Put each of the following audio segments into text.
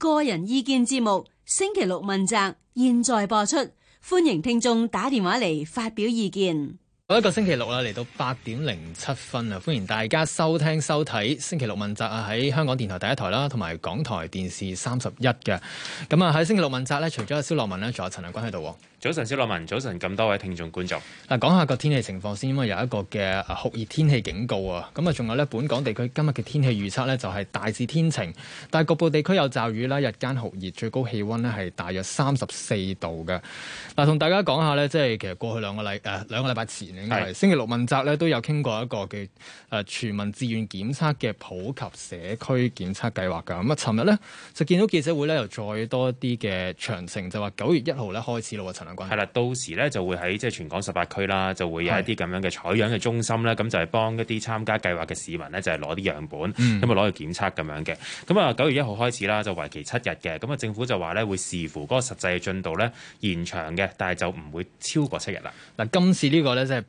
個人意見節目，星期六問責，現在播出，歡迎聽眾打電話嚟發表意見。一個星期六啦，嚟到八點零七分啊！歡迎大家收聽收睇星期六問責啊！喺香港電台第一台啦，同埋港台電視三十一嘅。咁啊，喺星期六問責咧，除咗阿蕭樂文咧，仲有陳良君喺度。早晨，蕭樂文，早晨，咁多位聽眾觀眾。嗱，講下個天氣情況先，因為有一個嘅酷熱天氣警告啊。咁啊，仲有咧，本港地區今日嘅天氣預測咧，就係大致天晴，但係局部地區有驟雨啦。日間酷熱，最高氣溫呢係大約三十四度嘅。嗱，同大家講下咧，即係其實過去兩個禮誒兩個禮拜前。星期六問責咧，都有傾過一個嘅誒全民自願檢測嘅普及社區檢測計劃㗎。咁啊，尋日呢，就見到記者會呢，又再多一啲嘅詳情，就話九月一號咧開始啦。陳亮君係啦，到時呢就會喺即係全港十八區啦，就會有一啲咁樣嘅採樣嘅中心啦。咁就係、是、幫一啲參加計劃嘅市民呢，就係攞啲樣本，咁啊攞去檢測咁樣嘅。咁啊，九月一號開始啦，就為期七日嘅。咁啊，政府就話呢，會視乎嗰個實際嘅進度呢，延長嘅，但係就唔會超過七日啦。嗱，今次呢、這個呢，即係。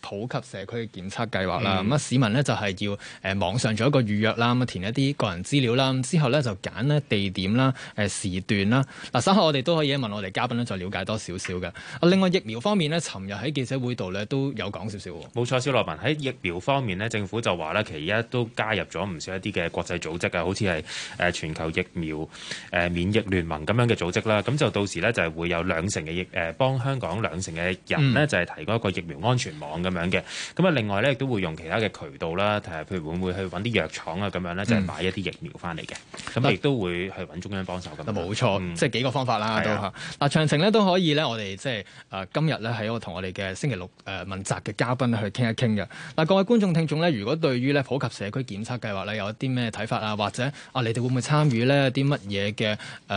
普及社區嘅檢測計劃啦，咁啊、嗯、市民呢，就係要誒網上做一個預約啦，咁填一啲個人資料啦，之後呢，就揀呢地點啦、誒時段啦。嗱稍後我哋都可以問我哋嘉賓呢，再了解多少少嘅。啊，另外疫苗方面呢，尋日喺記者會度呢都有講少少。冇錯，小羅文喺疫苗方面呢，政府就話呢，其實而家都加入咗唔少一啲嘅國際組織啊，好似係誒全球疫苗誒免疫聯盟咁樣嘅組織啦。咁就到時呢，就係會有兩成嘅疫誒幫香港兩成嘅人呢就係提供一個疫苗安全網。咁樣嘅，咁啊另外咧，亦都會用其他嘅渠道啦，誒，譬如會唔會去揾啲藥廠啊咁樣咧？就係買一啲疫苗翻嚟嘅，咁亦都會去揾中央幫手咁，冇錯，即係幾個方法啦、嗯、都嗱、啊，詳情呢都可以，我哋、呃、今天呢。和我哋即係誒今日咧喺我同我哋嘅星期六誒、呃、問責嘅嘉賓去傾一傾嘅。嗱，各位觀眾聽眾呢，如果對於呢普及社區檢測計劃呢，有一啲咩睇法啊，或者啊，你哋會唔會參與呢啲乜嘢嘅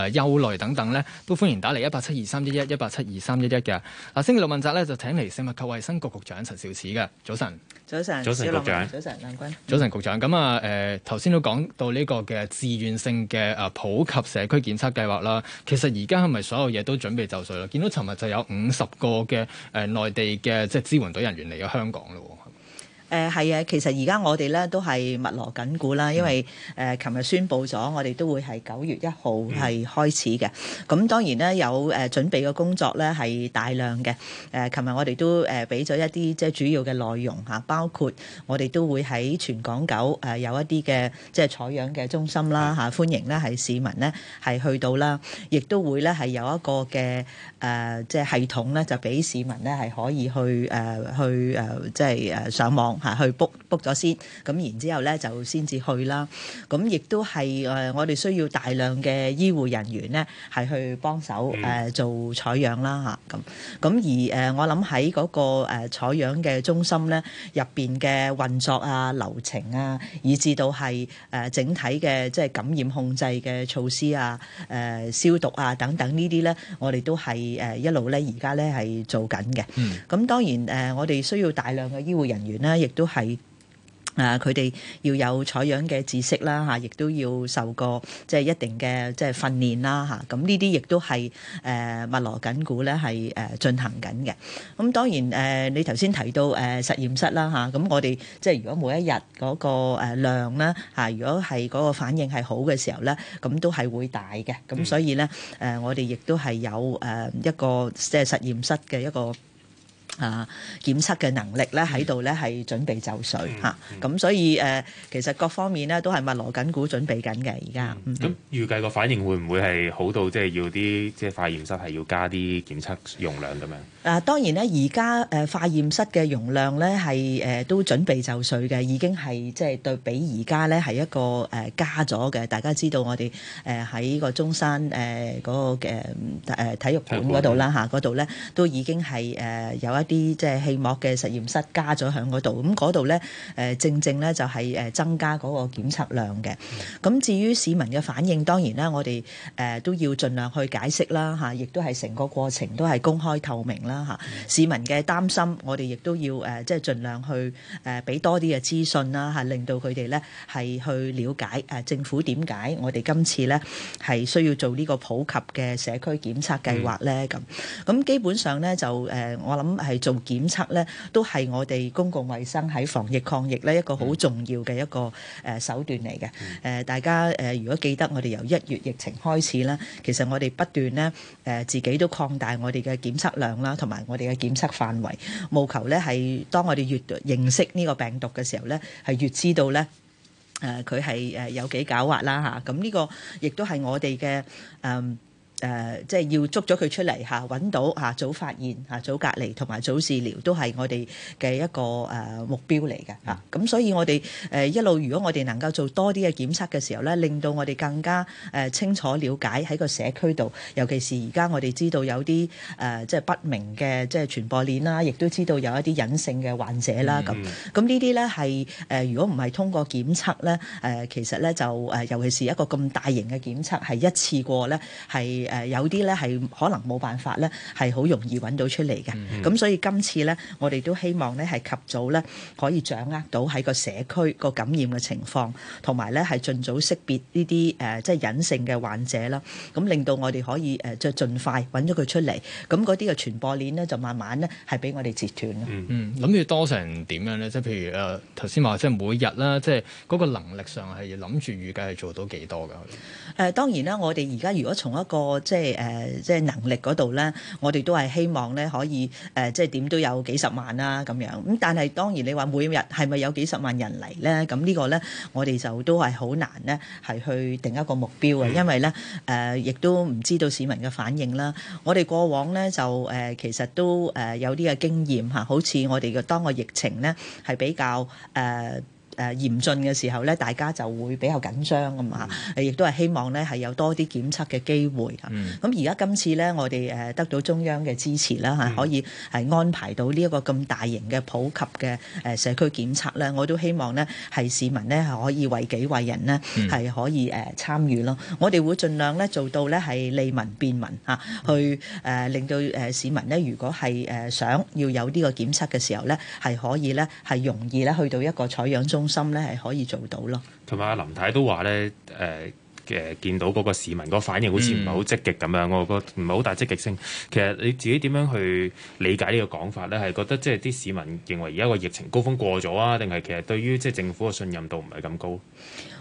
誒憂慮等等呢，都歡迎打嚟一八七二三一一一八七二三一一嘅。嗱，星期六問責呢，就請嚟食物及衛生局局長陳肇始嘅。早晨，早晨，林林早晨，局長文早晨，梁君冠，早晨，局長。咁啊，誒頭先都講到呢個嘅自願性嘅誒普及社區檢測計劃啦。其實而家係咪所有嘢都準備就緒啦？見到尋日就有五十個嘅誒內地嘅即係支援隊人員嚟咗香港咯。誒係啊，其實而家我哋咧都係密鑼緊鼓啦，因為誒琴日宣布咗，我哋都會係九月一號係開始嘅。咁當然咧有誒準備嘅工作咧係大量嘅。誒琴日我哋都誒俾咗一啲即係主要嘅內容嚇，包括我哋都會喺全港九誒有一啲嘅即係採樣嘅中心啦嚇，歡迎咧係市民咧係去到啦，亦都會咧係有一個嘅誒即係系統咧就俾市民咧係可以去誒、呃、去誒、呃、即係誒上網。係去 book book 咗先，咁然之後咧就先至去啦。咁亦都係誒我哋需要大量嘅醫護人員咧，係去幫手誒做採樣啦吓，咁、嗯。咁而誒我諗喺嗰個誒採樣嘅中心咧，入邊嘅運作啊、流程啊，以至到係誒整體嘅即係感染控制嘅措施啊、誒消毒啊等等呢啲咧，我哋都係誒一路咧而家咧係做緊嘅。咁當然誒我哋需要大量嘅醫護人員咧。亦都係誒，佢、啊、哋要有採樣嘅知識啦嚇，亦、啊、都要受過即係一定嘅即係訓練啦嚇。咁呢啲亦都係誒密鑼緊鼓咧係誒進行緊嘅。咁、啊、當然誒、啊，你頭先提到誒、啊、實驗室啦嚇。咁、啊、我哋即係如果每一日嗰個量啦，嚇、啊，如果係嗰個反應係好嘅時候咧，咁都係會大嘅。咁所以咧誒、嗯啊，我哋亦都係有誒一個即係實驗室嘅一個。啊！檢測嘅能力咧喺度咧，係準備就緒吓。咁、嗯嗯啊、所以誒、呃，其實各方面咧都係密鑼緊鼓準備緊嘅而家。咁預計個反應會唔會係好到即係要啲即係化驗室係要加啲檢測容量咁樣？啊，當然咧，而家誒化驗室嘅容量咧係誒都準備就緒嘅，已經係即係對比而家咧係一個誒加咗嘅。大家知道我哋誒喺個中山誒嗰個嘅誒體育館嗰度啦吓嗰度咧都已經係誒有一。啲即係氣膜嘅實驗室加咗響嗰度，咁嗰度咧誒正正咧就係誒增加嗰個檢測量嘅。咁至於市民嘅反應當然啦，我哋誒都要盡量去解釋啦吓，亦都係成個過程都係公開透明啦吓，嗯、市民嘅擔心，我哋亦都要誒即係盡量去誒俾多啲嘅資訊啦吓，令到佢哋咧係去了解誒政府點解我哋今次咧係需要做呢個普及嘅社區檢測計劃咧咁。咁、嗯、基本上咧就誒我諗係。做檢測咧，都係我哋公共衞生喺防疫抗疫咧一個好重要嘅一個誒手段嚟嘅。誒大家誒，如果記得我哋由一月疫情開始啦，其實我哋不斷咧誒自己都擴大我哋嘅檢測量啦，同埋我哋嘅檢測範圍，務求咧係當我哋越認識呢個病毒嘅時候咧，係越知道咧誒佢係誒有幾狡猾啦吓。咁呢個亦都係我哋嘅誒。誒、呃，即係要捉咗佢出嚟嚇，揾、啊、到嚇、啊，早發現、啊、早隔離同埋早治療，都係我哋嘅一個誒、啊、目標嚟嘅嚇。咁所以我哋、呃、一路，如果我哋能夠做多啲嘅檢測嘅時候咧，令到我哋更加誒、呃、清楚了解喺個社區度，尤其是而家我哋知道有啲誒、呃、即係不明嘅即係傳播鏈啦，亦、啊、都知道有一啲隱性嘅患者啦咁。咁、嗯、呢啲咧係誒，如果唔係通過檢測咧，誒、呃、其實咧就、呃、尤其是一個咁大型嘅檢測係一次過咧係。誒、呃、有啲咧係可能冇辦法咧，係好容易揾到出嚟嘅。咁、嗯、哼所以今次咧，我哋都希望咧係及早咧，可以掌握到喺個社區個感染嘅情況，同埋咧係儘早識別呢啲誒即係隱性嘅患者啦。咁令到我哋可以誒再盡快揾咗佢出嚟，咁嗰啲嘅傳播鏈咧就慢慢咧係俾我哋截斷咯。嗯，諗住多成點樣咧？即係譬如誒頭先話，即係每日啦，即係嗰個能力上係諗住預計係做到幾多㗎？誒、呃、當然啦，我哋而家如果從一個即係誒、呃，即係能力嗰度咧，我哋都係希望咧可以誒、呃，即係點都有幾十萬啦、啊、咁樣。咁但係當然你話每日係咪有幾十萬人嚟？咧？咁呢個咧，我哋就都係好難咧，係去定一個目標嘅，因為咧誒，亦、呃、都唔知道市民嘅反應啦。我哋過往咧就誒、呃，其實都誒、呃、有啲嘅經驗吓、啊，好似我哋嘅當個疫情咧係比較誒。呃誒嚴峻嘅時候咧，大家就會比較緊張啊嘛，誒亦都係希望咧係有多啲檢測嘅機會。咁而家今次咧，我哋誒得到中央嘅支持啦嚇，可以係安排到呢一個咁大型嘅普及嘅誒社區檢測咧，我都希望咧係市民咧係可以為己為人呢，係可以誒參與咯。我哋會盡量咧做到咧係利民便民嚇，去誒令到誒市民咧如果係誒想要有呢個檢測嘅時候咧，係可以咧係容易咧去到一個採樣中心咧係可以做到咯。同埋阿林太都話咧，誒、呃、誒見到嗰個市民個反應好似唔係好積極咁樣，嗯、我覺唔係好大積極性。其實你自己點樣去理解這個法呢個講法咧？係覺得即係啲市民認為而家個疫情高峰過咗啊？定係其實對於即係政府嘅信任度唔係咁高？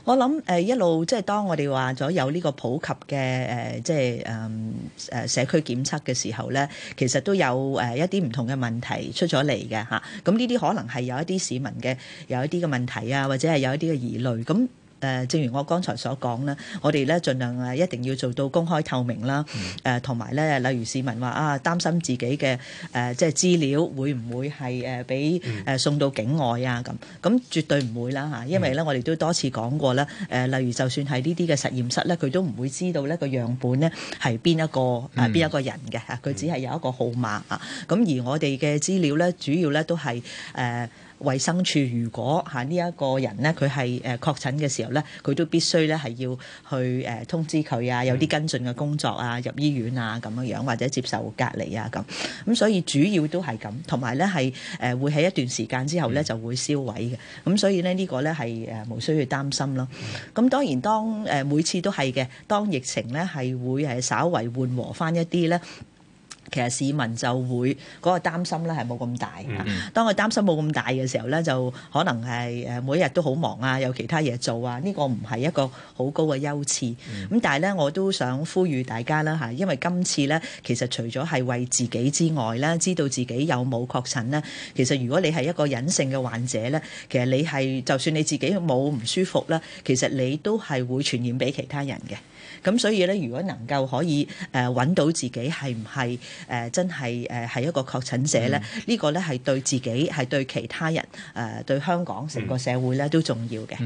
我諗誒、呃、一路即係當我哋話咗有呢個普及嘅誒、呃，即係誒誒社區檢測嘅時候咧，其實都有誒一啲唔同嘅問題出咗嚟嘅嚇。咁呢啲可能係有一啲市民嘅有一啲嘅問題啊，或者係有一啲嘅疑慮咁。嗯誒，正如我剛才所講咧，我哋咧盡量誒一定要做到公開透明啦。誒，同埋咧，例如市民話啊，擔心自己嘅誒即係資料會唔會係誒俾誒送到境外啊？咁咁絕對唔會啦嚇，因為咧我哋都多次講過咧。誒，例如就算係呢啲嘅實驗室咧，佢都唔會知道呢個樣本咧係邊一個誒邊一個人嘅，佢只係有一個號碼啊。咁而我哋嘅資料咧，主要咧都係誒。衞生署如果嚇呢一個人咧，佢係誒確診嘅時候咧，佢都必須咧係要去誒通知佢啊，有啲跟進嘅工作啊，入醫院啊咁樣樣，或者接受隔離啊咁。咁所以主要都係咁，同埋咧係誒會喺一段時間之後咧就會銷毀嘅。咁所以呢，呢個咧係誒無需要擔心咯。咁當然當誒每次都係嘅，當疫情咧係會誒稍為緩和翻一啲咧。其實市民就會嗰、那個擔心咧，係冇咁大。嗯、當佢擔心冇咁大嘅時候咧，就可能係誒每一日都好忙啊，有其他嘢做啊。呢、這個唔係一個好高嘅優次。咁、嗯、但係咧，我都想呼籲大家啦嚇，因為今次咧，其實除咗係為自己之外啦，知道自己有冇確診咧，其實如果你係一個隱性嘅患者咧，其實你係就算你自己冇唔舒服啦，其實你都係會傳染俾其他人嘅。咁所以咧，如果能夠可以誒揾、呃、到自己係唔係誒真係誒係一個確診者咧，嗯、這個呢個咧係對自己係對其他人誒、呃、對香港成個社會咧都重要嘅。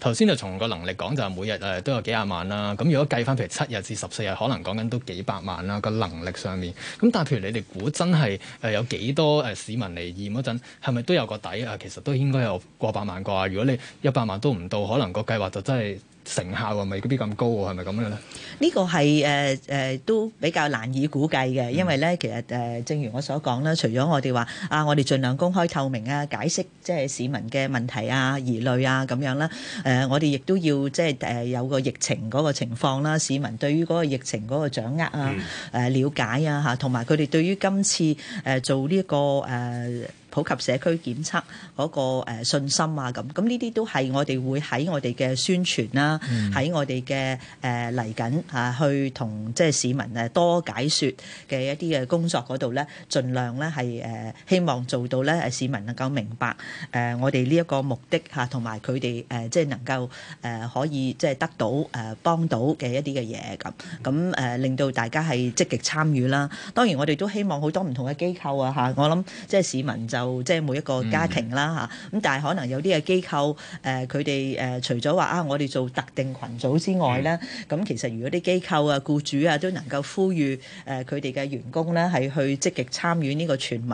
頭先、嗯、就從個能力講，就係每日誒都有幾廿萬啦。咁如果計翻譬如七日至十四日，可能講緊都幾百萬啦。個能力上面，咁但係譬如你哋估真係誒有幾多誒市民嚟驗嗰陣，係咪都有個底啊？其實都應該有過百萬啩。如果你一百萬都唔到，可能個計劃就真係。成效係咪嗰啲咁高喎？係咪咁樣咧？呢個係誒誒都比較難以估計嘅，因為咧其實誒、呃，正如我所講啦，除咗我哋話啊，我哋儘量公開透明啊，解釋即係市民嘅問題啊、疑慮啊咁樣啦。誒、呃，我哋亦都要即係誒、呃、有個疫情嗰個情況啦，市民對於嗰個疫情嗰個掌握啊、誒瞭、嗯、解啊嚇，同埋佢哋對於今次誒、呃、做呢、這個誒。呃普及社區檢測嗰個誒信心啊，咁咁呢啲都係我哋會喺我哋嘅宣傳啦，喺、嗯、我哋嘅誒嚟緊吓去同即係市民誒多解說嘅一啲嘅工作嗰度咧，盡量咧係誒希望做到咧，誒市民能夠明白誒我哋呢一個目的吓同埋佢哋誒即係能夠誒可以即係得到誒幫到嘅一啲嘅嘢咁，咁誒令到大家係積極參與啦。當然我哋都希望好多唔同嘅機構啊吓，我諗即係市民就。就即係每一個家庭啦吓，咁但係可能有啲嘅機構誒佢哋誒除咗話啊，我哋做特定群組之外咧，咁、嗯、其實如果啲機構啊、僱主啊，都能夠呼籲誒佢哋嘅員工咧，係去積極參與呢個全民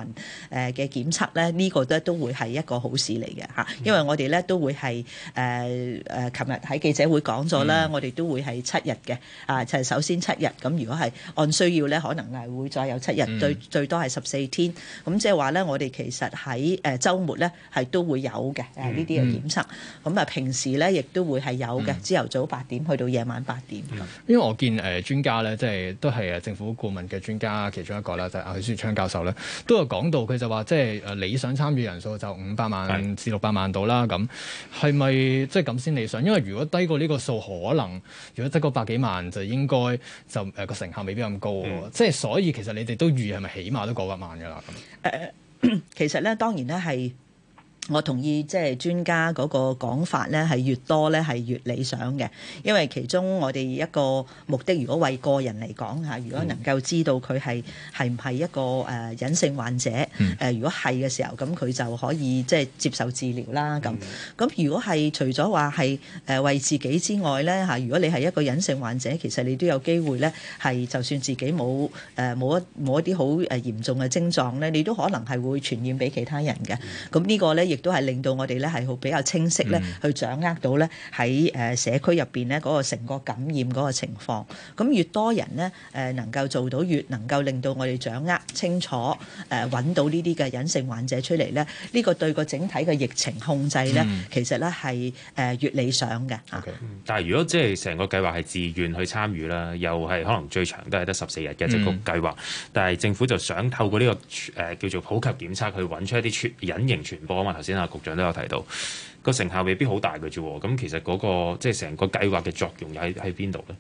誒嘅檢測咧，這個，呢個咧都會係一個好事嚟嘅吓。因為我哋咧都會係誒誒琴日喺記者會講咗啦，嗯、我哋都會係七日嘅啊，就係、是、首先七日，咁如果係按需要咧，可能係會再有七日，最、嗯、最多係十四天，咁即係話咧，我哋其實。其實喺誒週末咧，係都會有嘅誒呢啲嘅檢測。咁啊、嗯，嗯、平時咧亦都會係有嘅，朝頭早八點去到夜晚八點咁、嗯。因為我見誒、呃、專家咧，即係都係誒政府顧問嘅專家其中一個啦，就、啊、係許樹昌教授咧，都有講到佢就話，即係誒理想參與人數就五百萬的至六百萬度啦。咁係咪即係咁先理想？因為如果低過呢個數，可能如果低過百幾萬，就應該就誒個、呃、成效未必咁高。嗯、即係所以，其實你哋都預係咪起碼都過百萬㗎啦？咁誒、呃。 其實咧，當然咧係。我同意，即係專家嗰個講法咧，係越多咧係越理想嘅。因為其中我哋一個目的，如果為個人嚟講吓，如果能夠知道佢係係唔係一個誒隱性患者，誒、呃、如果係嘅時候，咁佢就可以即係接受治療啦。咁咁如果係除咗話，係誒為自己之外咧吓，如果你係一個隱性患者，其實你都有機會咧係就算自己冇誒冇一冇一啲好誒嚴重嘅症狀咧，你都可能係會傳染俾其他人嘅。咁呢個咧。亦都係令到我哋咧係好比較清晰咧，去掌握到咧喺誒社區入邊咧嗰個成個感染嗰個情況。咁越多人咧誒能夠做到，越能夠令到我哋掌握清楚誒揾到呢啲嘅隱性患者出嚟咧，呢個對個整體嘅疫情控制咧，其實咧係誒越理想嘅。但係如果即係成個計劃係自願去參與啦，又係可能最長都係得十四日嘅一個計劃，但係政府就想透過呢個誒叫做普及檢測去揾出一啲傳隱形傳播啊嘛。先啊，局長都有提到個成效未必好大嘅啫，咁其實嗰個即係成個計劃嘅作用又喺喺邊度咧？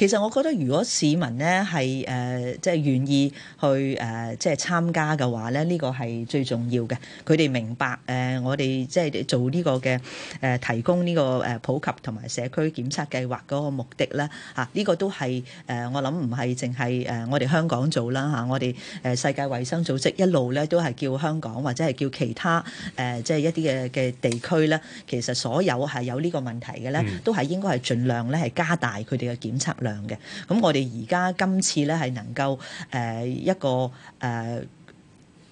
其實我覺得，如果市民咧係誒即係願意去誒即係參加嘅話咧，呢個係最重要嘅。佢哋明白誒我哋即係做呢個嘅誒提供呢個誒普及同埋社區檢測計劃個目的咧吓，呢個都係誒我諗唔係淨係誒我哋香港做啦吓，我哋誒世界衛生組織一路咧都係叫香港或者係叫其他誒即係一啲嘅嘅地區咧，其實所有係有呢個問題嘅咧，都係應該係盡量咧係加大佢哋嘅檢測量。嘅，咁我哋而家今次咧係能夠誒一個誒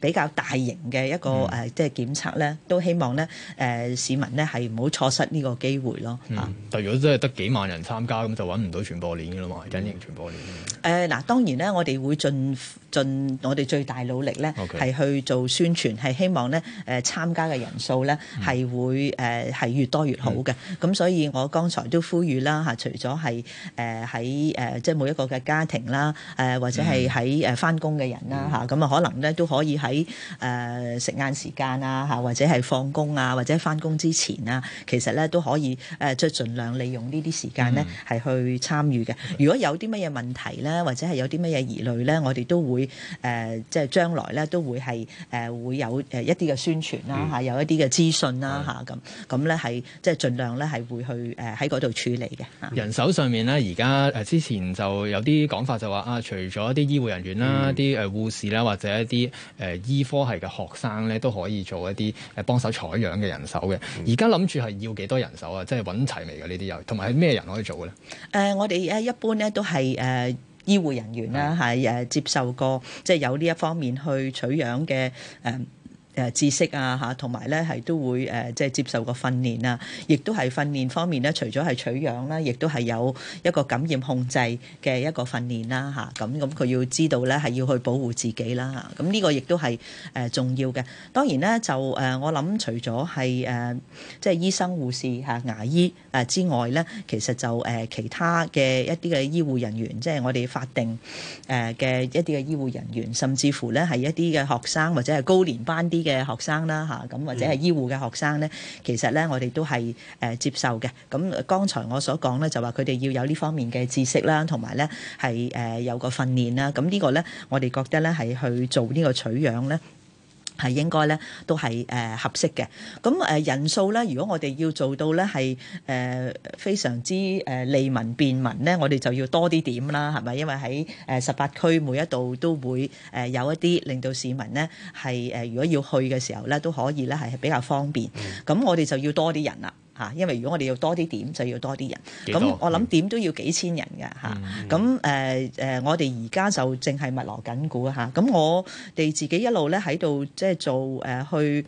比較大型嘅一個誒，即係檢測咧，都希望咧誒市民咧係唔好錯失呢個機會咯。嗯，但如果真係得幾萬人參加，咁就揾唔到傳播鏈嘅啦嘛，隱形傳播鏈。誒、嗯、嗱，當然咧，我哋會盡。盡我哋最大努力咧，係 Okay. 去做宣傳，係希望咧誒、呃、參加嘅人數咧係會誒係、呃、越多越好嘅。咁、mm. 所以我剛才都呼籲啦吓，除咗係誒喺即係每一個嘅家庭啦，誒、呃、或者係喺誒翻工嘅人啦吓，咁啊、mm. 可能咧都可以喺誒、呃、食晏時間啊吓或者係放工啊或者翻工之前啊，其實咧都可以誒即係盡量利用呢啲時間咧係、mm. 去參與嘅。Okay. 如果有啲乜嘢問題咧，或者係有啲乜嘢疑慮咧，我哋都會。誒，即係將來咧，都會係誒，會有誒一啲嘅宣傳啦，吓、嗯、有一啲嘅資訊啦，吓咁咁咧係即係盡量咧係會去誒喺嗰度處理嘅。人手上面咧，而家誒之前就有啲講法就話、是、啊，除咗啲醫護人員啦，啲誒護士啦，或者一啲誒、呃、醫科系嘅學生咧，都可以做一啲誒幫手採樣嘅人手嘅。而家諗住係要幾多人手啊？即係揾齊未嘅呢啲人，同埋係咩人可以做嘅咧？誒、呃，我哋誒一般咧都係誒。呃醫護人員啦，係誒接受過，即係有呢一方面去取樣嘅誒。嗯知識啊嚇，同埋咧係都會誒即係接受個訓練啊，亦都係訓練方面咧，除咗係取樣啦，亦都係有一個感染控制嘅一個訓練啦嚇。咁咁佢要知道咧係要去保護自己啦。咁呢個亦都係呃重要嘅。當然咧就、呃、我諗除咗係誒即係醫生、護士嚇、牙醫誒之外咧，其實就、呃、其他嘅一啲嘅醫護人員，即係我哋法定誒嘅、呃、一啲嘅醫護人員，甚至乎咧係一啲嘅學生或者係高年班啲嘅學生啦嚇，咁或者係醫護嘅學生咧，其實咧我哋都係誒接受嘅。咁剛才我所講咧就話佢哋要有呢方面嘅知識啦，同埋咧係誒有個訓練啦。咁、這、呢個咧我哋覺得咧係去做呢個取樣咧。係應該咧，都係、呃、合適嘅。咁、呃、人數咧，如果我哋要做到咧係誒非常之誒、呃、利民便民咧，我哋就要多啲點啦，係咪？因為喺誒十八區每一度都會誒有一啲令到市民咧係、呃、如果要去嘅時候咧都可以咧係比較方便。咁、嗯、我哋就要多啲人啦。因為如果我哋要多啲點，點，就要多啲人。咁少我諗點，點都要幾千人嘅咁、嗯呃呃、我哋而家就正係密鑼緊鼓咁、啊、我哋自己一路咧喺度即係做去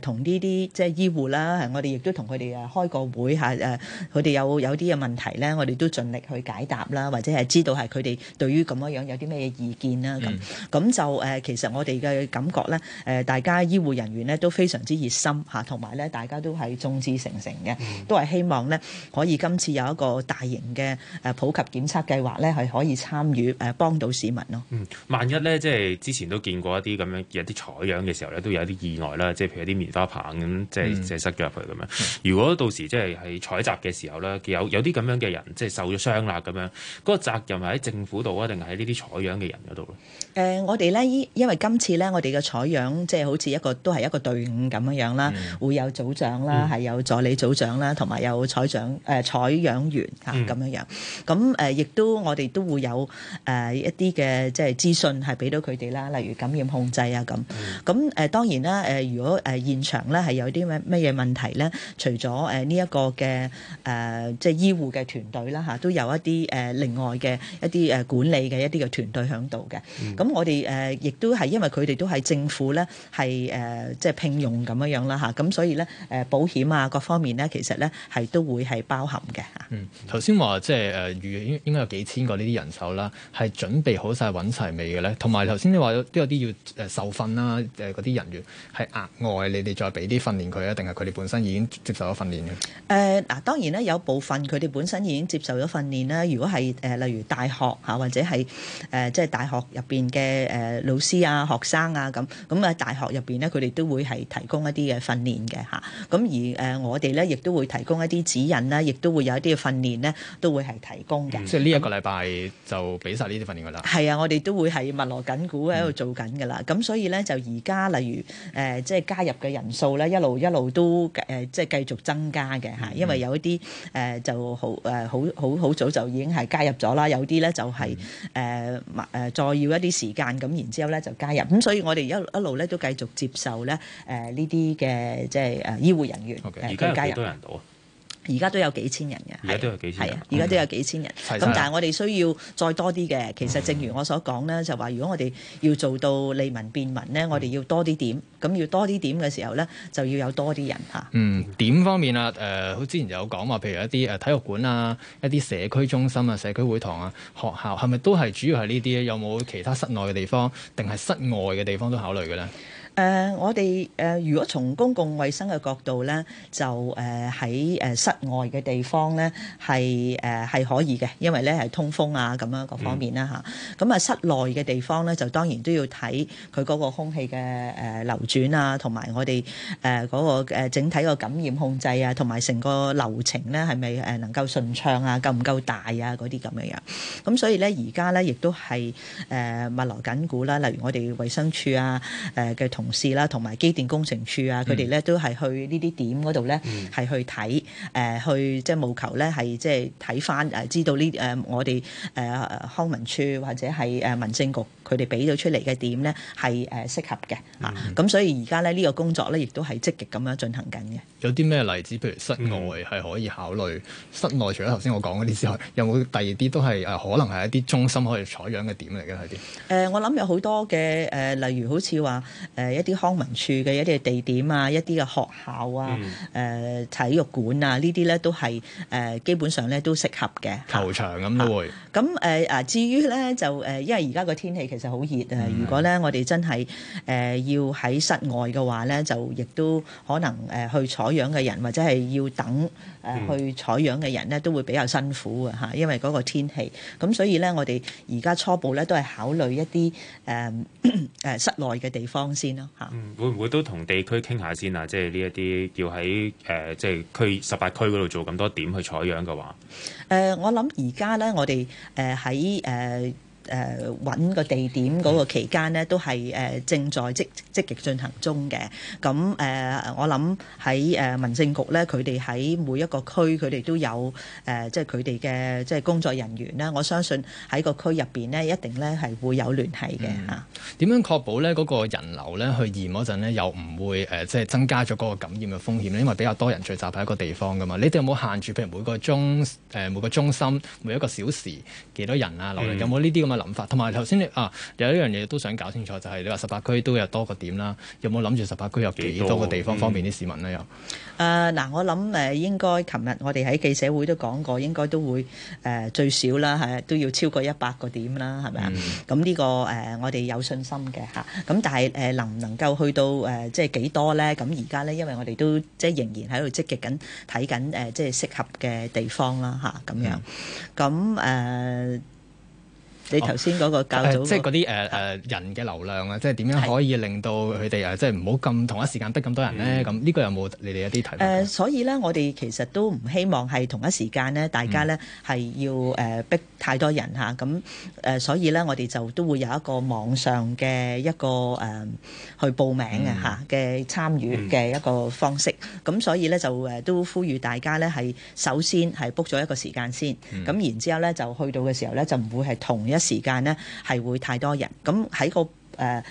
同呢啲即係醫護啦。我哋亦都同佢哋誒開個會嚇佢哋有有啲嘅問題咧，我哋都盡力去解答啦，或者係知道係佢哋對於咁樣有啲咩意見啦咁。咁、嗯、就、呃、其實我哋嘅感覺咧、呃、大家醫護人員咧都非常之熱心吓同埋咧大家都係眾志成城。嗯、都係希望咧可以今次有一個大型嘅誒普及檢測計劃咧，係可以參與誒幫到市民咯。嗯，萬一咧，即係之前都見過一啲咁樣有啲採樣嘅時候咧，都有啲意外啦，即係譬如啲棉花棒咁，即係即塞咗入去咁樣。嗯、如果到時即係喺採集嘅時候咧，有有啲咁樣嘅人即係受咗傷啦咁樣，嗰、嗰個責任係喺政府度啊，定係喺呢啲採樣嘅人嗰度咧？誒、呃，我哋咧因為今次咧，我哋嘅採樣即係好似一個都係一個隊伍咁樣樣啦，嗯、會有組長啦，係、嗯、有助理組長啦，同埋有採長誒採樣員吓咁樣樣，咁誒亦都我哋都會有誒、呃、一啲嘅即係資訊係俾到佢哋啦，例如感染控制啊咁，咁誒、呃、當然啦，誒、呃、如果誒、呃、現場咧係有啲咩咩嘢問題咧，除咗誒呢一個嘅誒即係醫護嘅團隊啦吓，都有一啲誒、呃、另外嘅一啲誒管理嘅一啲嘅團隊喺度嘅，咁、嗯、我哋誒亦都係因為佢哋都係政府咧係誒即係聘用咁樣樣啦吓，咁、啊、所以咧誒、呃、保險啊各方面咧。其實咧係都會係包含嘅吓。嗯，頭先話即係誒，應應該有幾千個呢啲人手啦，係準備好晒、搵齊未嘅咧？同埋頭先你話都有啲要誒受訓啦，誒嗰啲人員係額外你哋再俾啲訓練佢啊？定係佢哋本身已經接受咗訓練嘅？誒，嗱，當然咧有部分佢哋本身已經接受咗訓練啦。如果係誒、呃，例如大學吓，或者係誒，即、呃、係、就是、大學入邊嘅誒老師啊、學生啊咁，咁啊，那大學入邊咧，佢哋都會係提供一啲嘅訓練嘅吓。咁、啊、而誒、呃，我哋咧。亦都會提供一啲指引啦，亦都會有一啲嘅訓練咧，都會係提供嘅。即係呢一個禮拜就俾晒呢啲訓練㗎啦。係啊，我哋都會喺密鑼緊鼓喺度做緊㗎啦。咁、嗯、所以咧，就而家例如誒、呃，即係加入嘅人數咧，一路一路都誒、呃，即係繼續增加嘅嚇。嗯、因為有一啲誒、呃、就好誒，好好好早就已經係加入咗啦。有啲咧就係誒誒，再要一啲時間咁，然之後咧就加入。咁、嗯、所以我哋一一路咧都繼續接受咧誒呢啲嘅即係誒、呃、醫護人員 Okay. 加入。多人到啊！而家都有幾千人嘅，而家都有幾千，係啊的，而家的都有幾千人。咁、嗯、但係我哋需要再多啲嘅。了其實正如我所講咧，就話如果我哋要做到利民便民咧，嗯、我哋要多啲點，咁要多啲點嘅時候咧，就要有多啲人嚇。嗯，點方面啊？誒、呃，好之前就有講話，譬如一啲誒體育館啊，一啲社區中心啊、社區會堂啊、學校，係咪都係主要係呢啲咧？有冇其他室內嘅地方，定係室外嘅地方都考慮嘅咧？誒、呃，我哋誒、呃，如果從公共衛生嘅角度咧，就誒喺、呃呃、室外嘅地方咧，係誒係可以嘅，因為咧係通風啊咁樣各方面啦吓，咁、嗯、啊，室內嘅地方咧，就當然都要睇佢嗰個空氣嘅誒、呃、流轉啊，同埋我哋誒嗰個整體個感染控制啊，同埋成個流程咧係咪誒能夠順暢啊，夠唔夠大啊嗰啲咁嘅樣，咁、啊、所以咧，而家咧亦都係誒、呃、物流緊固啦，例如我哋衞生署啊誒嘅、呃、同。同事啦，同埋機電工程處啊，佢哋咧都係去這些呢啲點嗰度咧，係、嗯、去睇誒、呃、去即係務求咧，係即係睇翻誒知道呢誒、呃、我哋誒、呃、康文署或者係誒民政局佢哋俾咗出嚟嘅點咧，係誒適合嘅吓，咁、啊、所以而家咧呢、呢個工作咧，亦都係積極咁樣進行緊嘅。有啲咩例子？譬如室外係可以考慮、嗯、室內除咗頭先我講嗰啲之外，有冇第二啲都係誒可能係一啲中心可以採樣嘅點嚟嘅？係啲誒我諗有好多嘅誒、呃、例如好似話誒。呃一啲康文署嘅一啲嘅地點啊，一啲嘅學校啊，誒、嗯呃、體育館啊，呢啲咧都係誒、呃、基本上咧都適合嘅球場咁都會。咁誒啊，呃、至於咧就誒，因為而家個天氣其實好熱誒，嗯、如果咧我哋真係誒、呃、要喺室外嘅話咧，就亦都可能誒去採樣嘅人或者係要等誒、呃、去採樣嘅人咧，都會比較辛苦啊吓，因為嗰個天氣。咁所以咧，我哋而家初步咧都係考慮一啲誒誒室內嘅地方先啦。嗯，會唔會都同地區傾下先啊？即係呢一啲要喺、呃、即係區十八區嗰度做咁多點去採樣嘅話，誒、呃，我諗而家咧，我哋誒喺誒。呃誒揾、呃、個地點嗰個期間呢都係誒正在積積極進行中嘅。咁誒、呃，我諗喺誒民政局咧，佢哋喺每一個區，佢哋都有誒、呃，即係佢哋嘅即係工作人員啦。我相信喺個區入邊呢，一定咧係會有聯繫嘅嚇。點、嗯、樣確保咧嗰、那個人流咧去驗嗰陣咧，又唔會誒即係增加咗嗰個感染嘅風險咧？因為比較多人聚集喺一個地方噶嘛。你哋有冇限住，譬如每個中誒每個中心每一個小時幾多人啊？嗯、流量有冇呢啲咁諗法，同埋頭先你啊，有一樣嘢都想搞清楚，就係、是、你話十八區都有多個點啦，有冇諗住十八區有幾多個地方多多、嗯、方便啲市民呢？又誒嗱，我諗誒、呃、應該琴日我哋喺記者會都講過，應該都會誒、呃、最少啦，係都要超過一百個點啦，係咪啊？咁呢、嗯這個誒、呃、我哋有信心嘅嚇，咁、啊、但係誒、呃、能唔能夠去到誒、呃、即係幾多咧？咁而家咧，因為我哋都即係仍然喺度積極緊睇緊誒即係適合嘅地方啦嚇，咁、啊、樣咁誒。嗯你頭先嗰個教組、那個哦呃，即係嗰啲誒誒人嘅流量啊，即係點樣可以令到佢哋啊，是即係唔好咁同一時間逼咁多人咧？咁呢、嗯、個有冇你哋一啲睇法？誒、呃，所以咧，我哋其實都唔希望係同一時間咧，大家咧係要誒逼太多人吓，咁誒、嗯啊、所以咧，我哋就都會有一個網上嘅一個誒、呃、去報名嘅吓嘅參與嘅一個方式。咁、嗯啊、所以咧，就誒都呼籲大家咧係首先係 book 咗一個時間先。咁、嗯、然之後咧，就去到嘅時候咧，就唔會係同一。一時間咧係會有太多人，咁喺個誒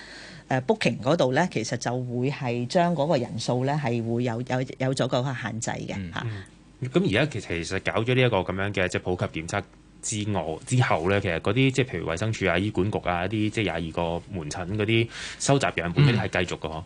誒 booking 嗰度咧，其實就會係將嗰個人數咧係會有有有咗嗰個限制嘅嚇。咁而家其實搞咗呢一個咁樣嘅即係普及檢測。之外之後咧，其實嗰啲即係譬如衛生署啊、醫管局啊一啲即係廿二個門診嗰啲收集樣本嗰啲係繼續嘅嗬。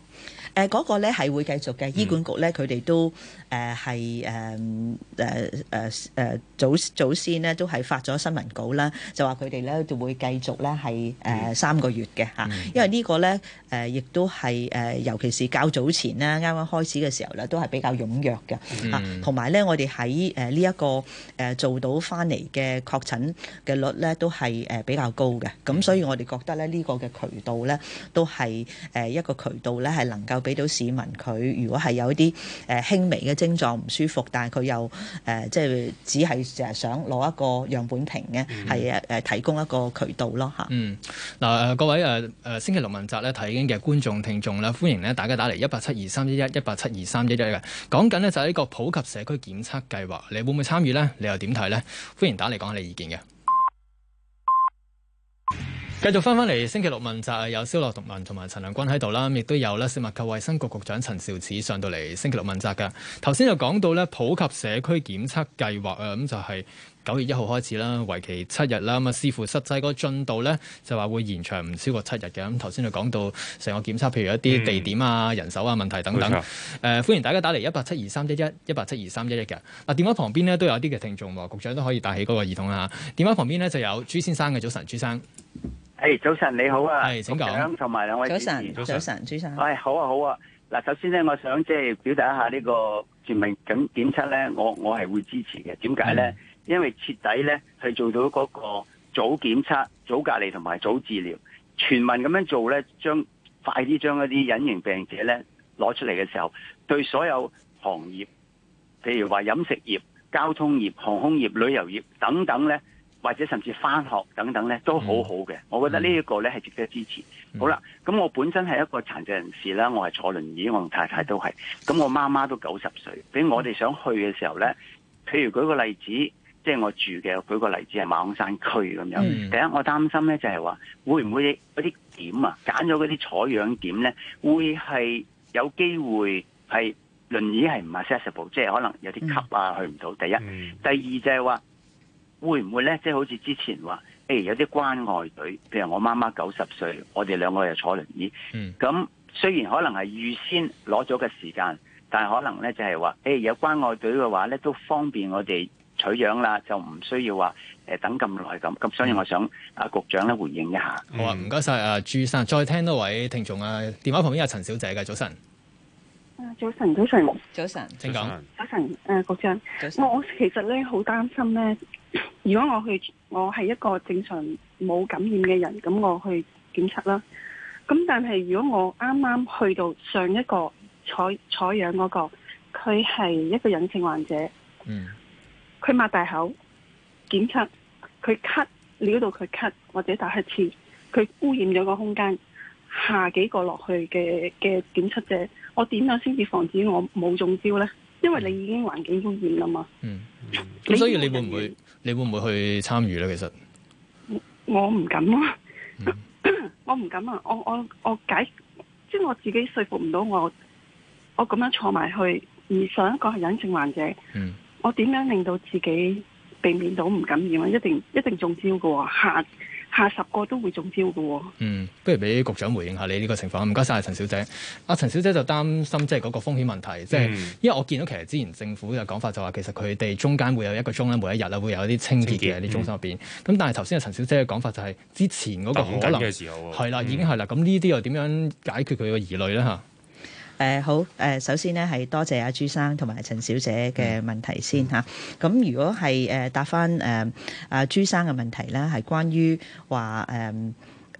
誒嗰個咧係會繼續嘅，嗯、醫管局咧佢哋都誒係誒誒誒誒早早先咧都係發咗新聞稿啦，就話佢哋咧就會繼續咧係誒三個月嘅嚇，嗯、因為個呢個咧誒亦都係誒尤其是較早前啦，啱啱開始嘅時候咧都係比較踴躍嘅，同埋咧我哋喺誒呢一個誒做到翻嚟嘅確診嘅率咧都係誒比較高嘅，咁所以我哋覺得咧呢個嘅渠道咧都係誒一個渠道咧係能夠俾到市民佢如果係有一啲誒輕微嘅症狀唔舒服，但係佢又誒即係只係成日想攞一個樣本瓶嘅，係誒提供一個渠道咯吓嗯，嗱、嗯呃、各位誒誒、呃、星期六問責咧睇緊嘅觀眾聽眾啦，歡迎咧大家打嚟一八七二三一一一八七二三一一嘅，講緊呢就係呢個普及社區檢測計劃，你會唔會參與呢？你又點睇呢？歡迎打嚟講下你。嘅，繼續翻翻嚟星期六問責啊！有蕭諾獨文同埋陳良君喺度啦，咁亦都有呢食物及衛生局局長陳肇始上到嚟星期六問責嘅。頭先就講到呢普及社區檢測計劃啊，咁就係、是。九月一號開始啦，為期七日啦。咁啊，視乎實際個進度咧，就話會延長唔超過七日嘅。咁頭先就講到成個檢測，譬如一啲地點啊、嗯、人手啊問題等等。誒錯、呃，歡迎大家打嚟一八七二三一一一八七二三一一嘅。嗱，電話旁邊咧都有啲嘅聽眾和局長都可以帶起嗰個耳筒啊。電話旁邊咧就有朱先生嘅。早晨，朱生。誒、hey,，早晨你好啊。係講，請講上。同埋兩位早晨上，早晨上，朱生。喂、哎，好啊，好啊。嗱，首先咧，我想即係表達一下呢個全民檢檢測咧，我我係會支持嘅。點解咧？嗯因為徹底咧，係做到嗰個早檢測、早隔離同埋早治療，全民咁樣做咧，將快啲將一啲隱形病者咧攞出嚟嘅時候，對所有行業，譬如話飲食業、交通業、航空業、旅遊業等等咧，或者甚至返學等等咧，都好好嘅。嗯、我覺得呢一個咧係值得支持。嗯、好啦，咁我本身係一個殘疾人士啦，我係坐輪椅，我同太太都係，咁我媽媽都九十歲。俾我哋想去嘅時候咧，譬如舉個例子。即係我住嘅，我舉個例子係馬鞍山區咁樣。Mm. 第一，我擔心咧就係話會唔會嗰啲點啊，揀咗嗰啲採樣點咧，會係有機會係輪椅係唔 accessible，即係可能有啲級啊去唔到。第一，mm. 第二就係話會唔會咧，即、就、係、是、好似之前話，誒、哎、有啲關愛隊，譬如我媽媽九十歲，我哋兩個又坐輪椅，咁、mm. 雖然可能係預先攞咗嘅時間，但係可能咧就係話，誒、哎、有關愛隊嘅話咧，都方便我哋。取樣啦，就唔需要話誒、呃、等咁耐咁，咁所以我想阿、啊、局長咧回應一下。好啊、嗯，唔該晒，啊，朱生，再聽多位聽眾啊，電話旁邊有陳小姐嘅早，早晨。早晨，早晨，早晨，請講。早晨，誒、啊，局長，我晨我其實咧好擔心咧，如果我去，我係一個正常冇感染嘅人，咁我去檢測啦。咁但係如果我啱啱去到上一個採採樣嗰、那個，佢係一個隱性患者，嗯。佢擘大口檢測，佢咳，你嗰度佢咳，或者打乞嗤，佢污染咗個空間。下幾個落去嘅嘅檢測者，我點樣先至防止我冇中招呢？因為你已經環境污染啦嘛，嗯。嗯。咁、嗯、所以你會唔會？你會唔會去參與呢？其實我唔敢、啊嗯、 我唔敢啊！我唔敢啊！我我我解，即、就、係、是、我自己說服唔到我，我咁樣坐埋去，而上一個係隱性患者。嗯。我點樣令到自己避免到唔感染啊？一定一定中招嘅，下下十個都會中招嘅。嗯，不如俾局長回應下你呢個情況。唔該晒陳小姐。阿、啊、陳小姐就擔心即係嗰個風險問題，即、就、係、是嗯、因為我見到其實之前政府嘅講法就話，其實佢哋中間會有一個鐘啦，每一日啦會有一啲清潔嘅啲中心入邊。咁、嗯、但係頭先阿陳小姐嘅講法就係、是、之前嗰個可能嘅時候係啦，嗯、已經係啦。咁呢啲又點樣解決佢嘅疑慮咧？嚇？誒、呃、好，誒、呃、首先咧係多謝阿朱生同埋陳小姐嘅問題先嚇。咁的、啊、如果係誒答翻誒阿朱生嘅問題咧，係關於話誒。呃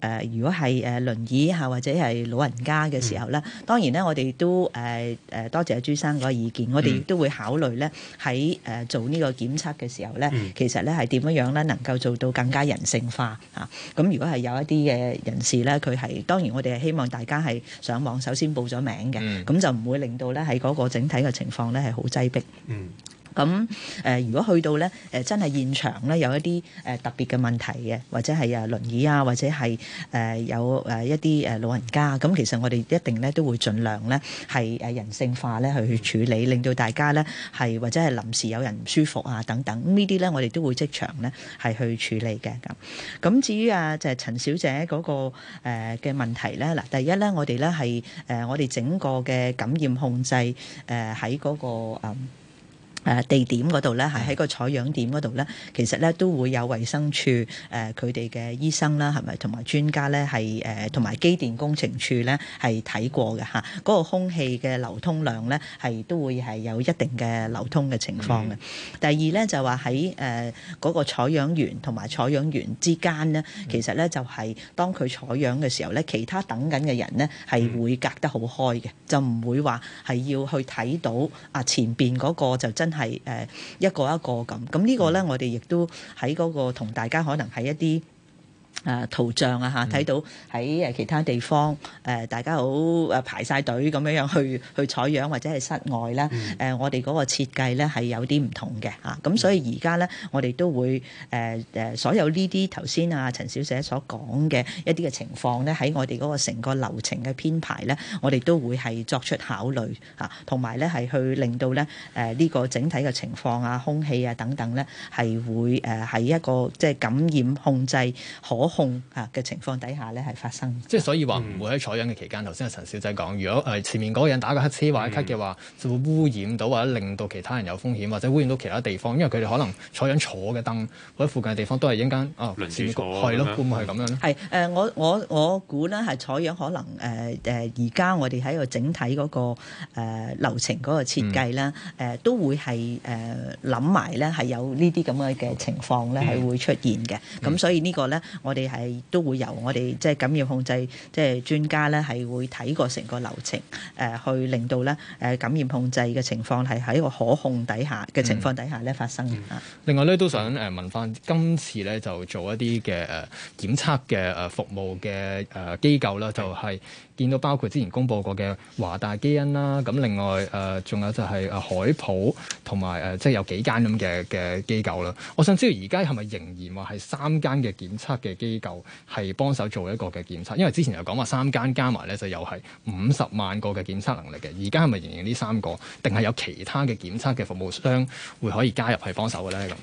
誒、呃，如果係誒輪椅嚇，或者係老人家嘅時候咧，嗯、當然咧，我哋都誒誒，多謝朱生個意見，嗯、我哋亦都會考慮咧喺誒做呢個檢測嘅時候咧，嗯、其實咧係點樣樣咧，能夠做到更加人性化嚇。咁、啊、如果係有一啲嘅人士咧，佢係當然我哋係希望大家係上網首先報咗名嘅，咁、嗯、就唔會令到咧喺嗰個整體嘅情況咧係好擠迫。嗯。咁誒、嗯呃，如果去到咧誒，真係現場咧有一啲誒、呃、特別嘅問題嘅，或者係啊輪椅啊，或者係誒、呃、有誒一啲誒、呃、老人家，咁、嗯、其實我哋一定咧都會盡量咧係誒人性化咧去處理，令到大家咧係或者係臨時有人唔舒服啊等等，這些呢啲咧我哋都會即場咧係去處理嘅咁。咁、嗯、至於啊就係、是、陳小姐嗰、那個嘅、呃、問題咧，嗱第一咧我哋咧係誒我哋整個嘅感染控制誒喺嗰個、嗯誒地點嗰度咧，係喺個採樣點嗰度咧，其實咧都會有衞生署誒，佢哋嘅醫生啦，係咪同埋專家咧係誒同埋機電工程署咧係睇過嘅吓嗰個空氣嘅流通量咧係都會係有一定嘅流通嘅情況嘅。嗯、第二咧就話喺誒嗰個採樣員同埋採樣員之間咧，其實咧就係當佢採樣嘅時候咧，其他等緊嘅人咧係會隔得好開嘅，就唔會話係要去睇到啊前邊嗰個就真。係誒，是一個一個咁，咁呢、嗯個，咧，我哋亦都喺嗰個同大家可能係一啲。誒圖像啊嚇，睇到喺誒其他地方誒、嗯呃，大家好誒排晒隊咁樣樣去去採樣或者係室外啦。誒、嗯呃，我哋嗰個設計咧係有啲唔同嘅嚇。咁、啊、所以而家咧，我哋都會誒誒、呃、所有呢啲頭先啊陳小姐所講嘅一啲嘅情況咧，喺我哋嗰個成個流程嘅編排咧，我哋都會係作出考慮嚇，同埋咧係去令到咧誒呢、呃這個整體嘅情況啊、空氣啊等等咧係會誒喺、呃、一個即係、就是、感染控制好。可控嚇嘅情況底下咧，係發生，即係所以話唔會喺採樣嘅期間。頭先阿陳小姐講，如果誒前面嗰個人打個黑車或者咳嘅話，嗯、就會污染到或者令到其他人有風險，或者污染到其他地方，因為佢哋可能採樣坐嘅凳或者附近嘅地方都係一間哦，鄰居過，係咯、呃，會唔會係咁樣咧？係誒的、嗯，我我我估咧係採樣可能誒誒，而、呃、家我哋喺個整體嗰、那個、呃、流程嗰個設計咧，誒、嗯呃、都會係誒諗埋咧係有呢啲咁嘅嘅情況咧係會出現嘅。咁、嗯嗯、所以個呢個咧，我哋係都會由我哋即係感染控制即係、就是、專家咧，係會睇過成個流程，誒、呃，去令到咧誒、呃、感染控制嘅情況係喺個可控底下嘅情況底下咧、嗯、發生。嗯、另外咧，都想誒問翻、嗯、今次咧就做一啲嘅誒檢測嘅誒服務嘅誒機構啦，的就係、是。見到包括之前公佈過嘅華大基因啦，咁另外誒仲、呃、有就係誒海普同埋誒，即係有幾間咁嘅嘅機構啦。我想知道而家係咪仍然話係三間嘅檢測嘅機構係幫手做一個嘅檢測？因為之前又講話三間加埋咧，就又係五十萬個嘅檢測能力嘅。而家係咪仍然呢三個，定係有其他嘅檢測嘅服務商會可以加入去幫手嘅咧？咁誒、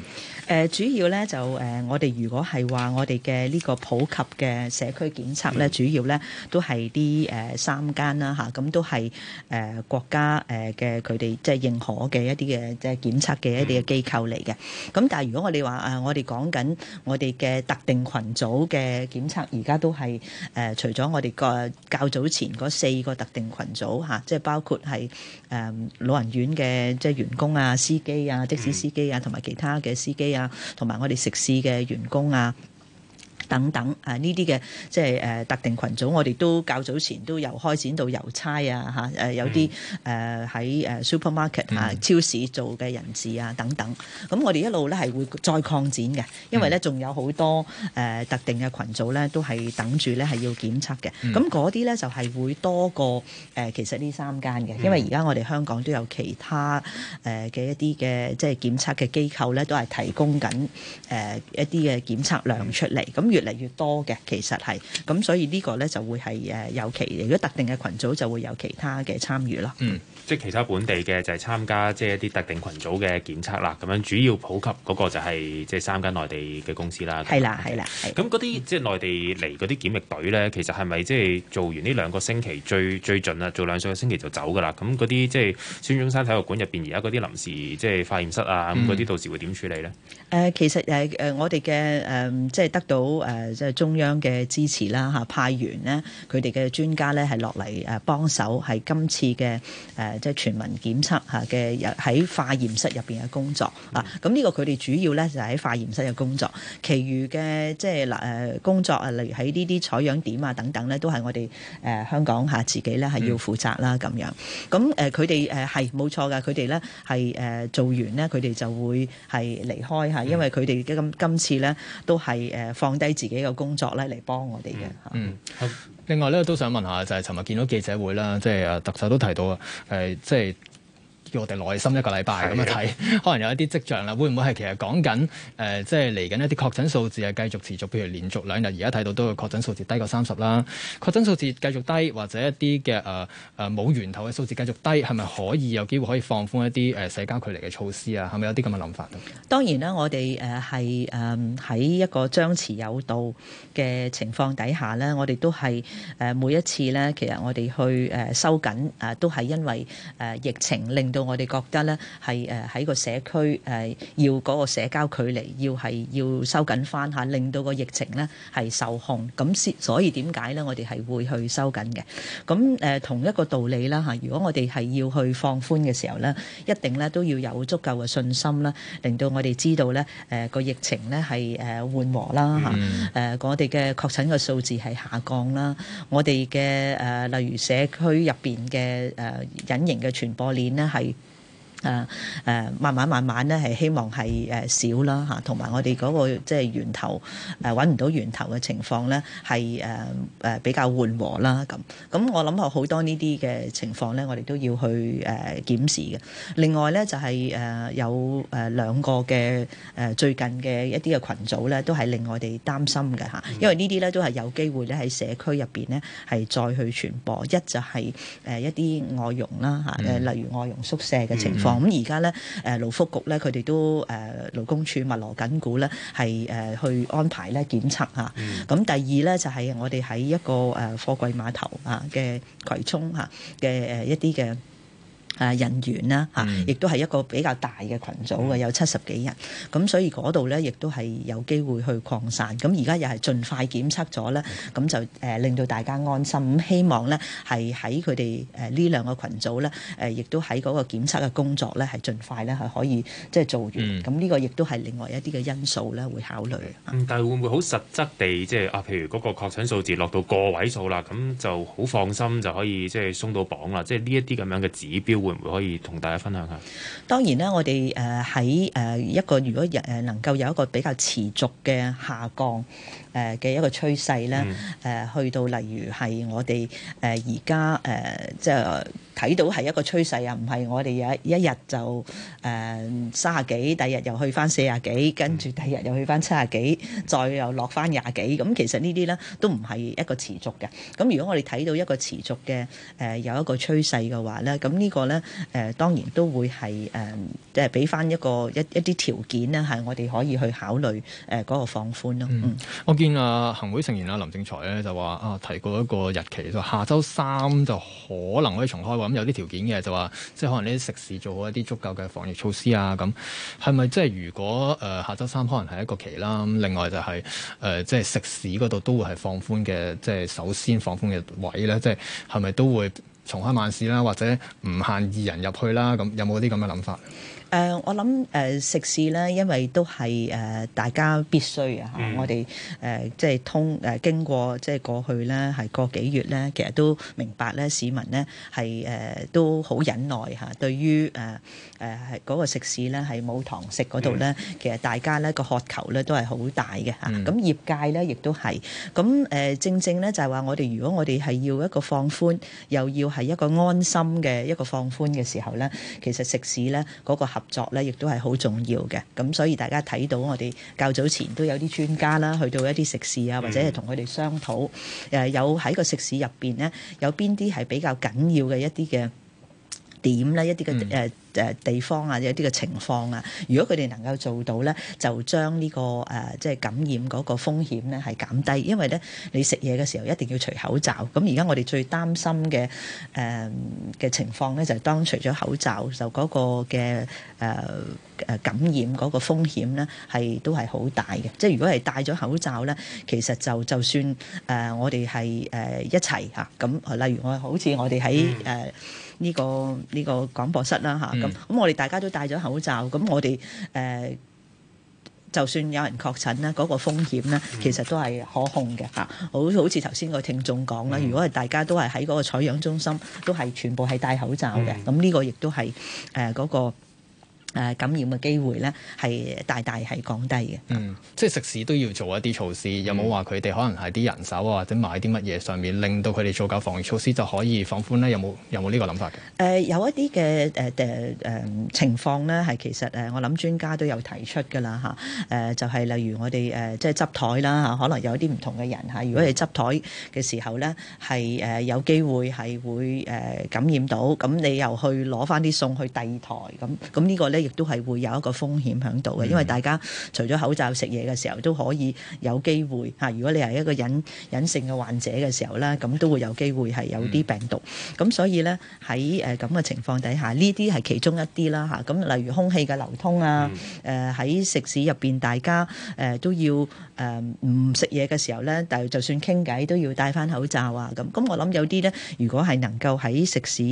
呃，主要咧就誒，我、呃、哋如果係話我哋嘅呢個普及嘅社區檢測咧，嗯、主要咧都係啲，誒三間啦嚇，咁都係誒國家誒嘅佢哋即係認可嘅一啲嘅即係檢測嘅一啲嘅機構嚟嘅。咁但係如果我哋話啊，我哋講緊我哋嘅特定群組嘅檢測，而家都係誒、呃、除咗我哋個較早前嗰四個特定群組嚇，即係包括係誒老人院嘅即係員工啊、司機啊、的士司機啊，同埋其他嘅司機啊，同埋我哋食肆嘅員工啊。等等啊！呢啲嘅即係誒特定群組我哋都較早前都有開展到郵差啊吓誒、啊、有啲誒喺誒、呃、supermarket 啊超市做嘅人士啊、嗯、等等。咁我哋一路咧係會再擴展嘅，因為咧仲有好多誒、呃、特定嘅群組咧都係等住咧係要檢測嘅。咁嗰啲咧就係、是、會多過誒、呃、其實呢三間嘅，因為而家我哋香港都有其他誒嘅、呃、一啲嘅即係檢測嘅機構咧都係提供緊誒、呃、一啲嘅檢測量出嚟。咁、嗯越嚟越多嘅，其實係咁，所以呢個咧就會係誒有其，如果特定嘅群組就會有其他嘅參與咯。嗯。即係其他本地嘅就係參加即係一啲特定群組嘅檢測啦，咁樣主要普及嗰個就係即係三間內地嘅公司啦。係啦，係啦，咁嗰啲即係內地嚟嗰啲檢疫隊咧，其實係咪即係做完呢兩個星期最最盡啦？做兩三個星期就走噶啦。咁嗰啲即係孫中山體育館入邊而家嗰啲臨時即係化驗室啊，咁嗰啲到時會點處理咧？誒、嗯呃，其實誒誒、呃，我哋嘅誒即係得到誒、呃、即係中央嘅支持啦嚇、呃，派員呢，佢哋嘅專家咧係落嚟誒幫手，係今次嘅誒。呃即係全民檢測嚇嘅，入喺化驗室入邊嘅工作啊。咁呢個佢哋主要咧就係、是、喺化驗室嘅工作，其餘嘅即係嗱誒工作啊，例如喺呢啲採樣點啊等等咧，都係我哋誒、呃、香港嚇自己咧係要負責啦咁樣。咁誒佢哋誒係冇錯噶，佢哋咧係誒做完咧，佢哋就會係離開嚇，因為佢哋而家今次咧都係誒放低自己嘅工作咧嚟幫我哋嘅嚇。嗯，好。另外咧，都想問下，就係尋日見到記者會啦，即係啊，特首都提到啊，誒，即係。叫我哋耐心一個禮拜咁樣睇，的可能有一啲跡象啦。會唔會係其實講緊誒即係嚟緊一啲確診數字係繼續持續，譬如連續兩日，而家睇到都有確診數字低過三十啦。確診數字繼續低，或者一啲嘅誒誒冇源頭嘅數字繼續低，係咪可以有機會可以放寬一啲誒社交距離嘅措施啊？係咪有啲咁嘅諗法？當然啦，我哋誒係誒喺一個張弛有度嘅情況底下咧，我哋都係誒、呃、每一次咧，其實我哋去誒收緊誒、呃、都係因為誒、呃、疫情令到。我哋覺得咧係誒喺個社區誒要嗰個社交距離要係要收緊翻嚇，令到個疫情咧係受控。咁所以點解咧？我哋係會去收緊嘅。咁誒同一個道理啦嚇。如果我哋係要去放寬嘅時候咧，一定咧都要有足夠嘅信心啦，令到我哋知道咧誒個疫情咧係誒緩和啦嚇。誒、嗯、我哋嘅確診嘅數字係下降啦。我哋嘅誒例如社區入邊嘅誒隱形嘅傳播鏈咧係。誒誒、啊啊，慢慢慢慢咧，係希望係誒少啦嚇，同、啊、埋我哋嗰、那個即係、就是、源頭誒揾唔到源頭嘅情況咧，係誒誒比較緩和啦咁。咁我諗下好多呢啲嘅情況咧，我哋都要去誒、啊、檢視嘅。另外咧就係、是、誒、啊、有誒、啊、兩個嘅誒、啊、最近嘅一啲嘅群組咧，都係令我哋擔心嘅嚇，因為呢啲咧都係有機會咧喺社區入邊咧係再去傳播。一就係誒一啲外傭啦嚇，誒、啊、例如外傭宿舍嘅情況。嗯嗯。咁而家咧，誒、嗯、勞福局咧，佢哋都誒、呃、勞工處密鑼緊鼓咧，係誒、呃、去安排咧檢測嚇。咁、啊嗯、第二咧就係、是、我哋喺一個誒貨櫃碼頭的啊嘅葵涌嚇嘅誒一啲嘅。誒人員啦嚇，亦都係一個比較大嘅群組嘅，有七十幾人。咁所以嗰度咧，亦都係有機會去擴散。咁而家又係盡快檢測咗啦，咁就誒令到大家安心。咁希望咧係喺佢哋誒呢兩個群組咧，誒亦都喺嗰個檢測嘅工作咧係盡快咧係可以即係做完。咁呢、嗯、個亦都係另外一啲嘅因素咧會考慮。但係會唔會好實質地即係啊？譬如嗰個確診數字落到個位數啦，咁就好放心就可以即係鬆到綁啦。即係呢一啲咁樣嘅指標。會唔會可以同大家分享下？當然啦，我哋誒喺誒一個如果誒能夠有一個比較持續嘅下降誒嘅一個趨勢咧，誒去到例如係我哋誒而家誒即係睇到係一個趨勢啊，唔係我哋有一日就誒卅啊幾，第二日又去翻四啊幾，跟住第二日又去翻七啊幾，再又落翻廿幾。咁其實呢啲咧都唔係一個持續嘅。咁如果我哋睇到一個持續嘅誒有一個趨勢嘅話咧，咁呢個咧。誒、呃、當然都會係誒、呃、即係俾翻一個一一啲條件咧，係我哋可以去考慮誒嗰個放寬咯。嗯，嗯，我見啊，行會成員啊，林正財咧就話啊，提過一個日期，就下周三就可能可以重開喎。咁、嗯、有啲條件嘅，就話即係可能呢啲食肆做好一啲足夠嘅防疫措施啊。咁係咪即係如果誒、呃、下周三可能係一個期啦？咁另外就係、是、誒、呃、即係食肆嗰度都會係放寬嘅，即係首先放寬嘅位咧，即係係咪都會？重開萬事啦，或者唔限二人入去啦，咁有冇啲咁嘅諗法？誒、呃，我諗誒、呃、食肆咧，因為都係誒、呃、大家必須嘅嚇。啊嗯、我哋誒、呃、即係通誒、呃、經過即係過去咧，係個幾月咧，其實都明白咧，市民咧係誒都好忍耐嚇、啊。對於誒誒係嗰個食肆咧，係冇堂食嗰度咧，嗯、其實大家咧個渴求咧都係好大嘅嚇。咁、啊、業界咧亦都係，咁誒、呃、正正咧就係話，我哋如果我哋係要一個放寬，又要係一個安心嘅一個放寬嘅時候咧，其實食肆咧嗰合作咧，亦都係好重要嘅。咁所以大家睇到我哋較早前都有啲專家啦，去到一啲食肆啊，或者係同佢哋商討，誒、呃、有喺個食肆入邊咧，有邊啲係比較緊要嘅一啲嘅。點咧、嗯、一啲嘅誒誒地方啊，有啲嘅情況啊，如果佢哋能夠做到咧，就將呢、這個誒、呃、即係感染嗰個風險咧係減低，因為咧你食嘢嘅時候一定要除口罩。咁而家我哋最擔心嘅誒嘅情況咧，就係當除咗口罩，就嗰個嘅誒誒感染嗰個風險咧係都係好大嘅。即係如果係戴咗口罩咧，其實就就算誒、呃、我哋係誒一齊嚇咁，例如好像我好似我哋喺誒。嗯呢、這個呢、這個廣播室啦嚇，咁咁我哋大家都戴咗口罩，咁我哋誒、呃、就算有人確診咧，嗰、那個風險咧其實都係可控嘅嚇。好好似頭先個聽眾講啦，如果係大家都係喺嗰個採樣中心，都係全部係戴口罩嘅，咁呢個亦都係誒嗰個。誒感染嘅機會咧，係大大係降低嘅。嗯，即係食肆都要做一啲措施，有冇話佢哋可能係啲人手啊，或者買啲乜嘢上面，令到佢哋做夠防疫措施就可以放寬咧？有冇有冇呢個諗法嘅？誒、呃，有一啲嘅誒誒誒情況咧，係其實誒，我諗專家都有提出㗎喇吓，誒、呃，就係、是、例如我哋誒、呃，即係執台啦吓，可能有一啲唔同嘅人吓。如果你執台嘅時候咧，係誒有機會係會誒、呃、感染到，咁你又去攞返啲餸去第二台咁，咁呢個咧？亦都係會有一個風險喺度嘅，因為大家除咗口罩食嘢嘅時候都可以有機會嚇。如果你係一個隱隱性嘅患者嘅時候咧，咁都會有機會係有啲病毒。咁、嗯、所以咧喺誒咁嘅情況底下，呢啲係其中一啲啦嚇。咁、啊、例如空氣嘅流通啊，誒喺、嗯呃、食肆入邊，大家誒都要誒唔食嘢嘅時候咧，但就算傾偈都要戴翻口罩啊咁。咁、嗯、我諗有啲咧，如果係能夠喺食肆